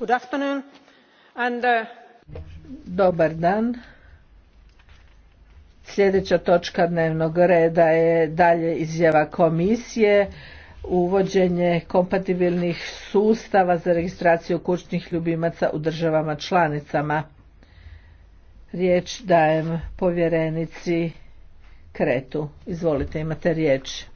Uh, Dobar dan. Sljedeća točka dnevnog reda je dalje izjava komisije uvođenje kompatibilnih sustava za registraciju kućnih ljubimaca u državama članicama. Riječ dajem povjerenici Kretu. Izvolite, imate riječ.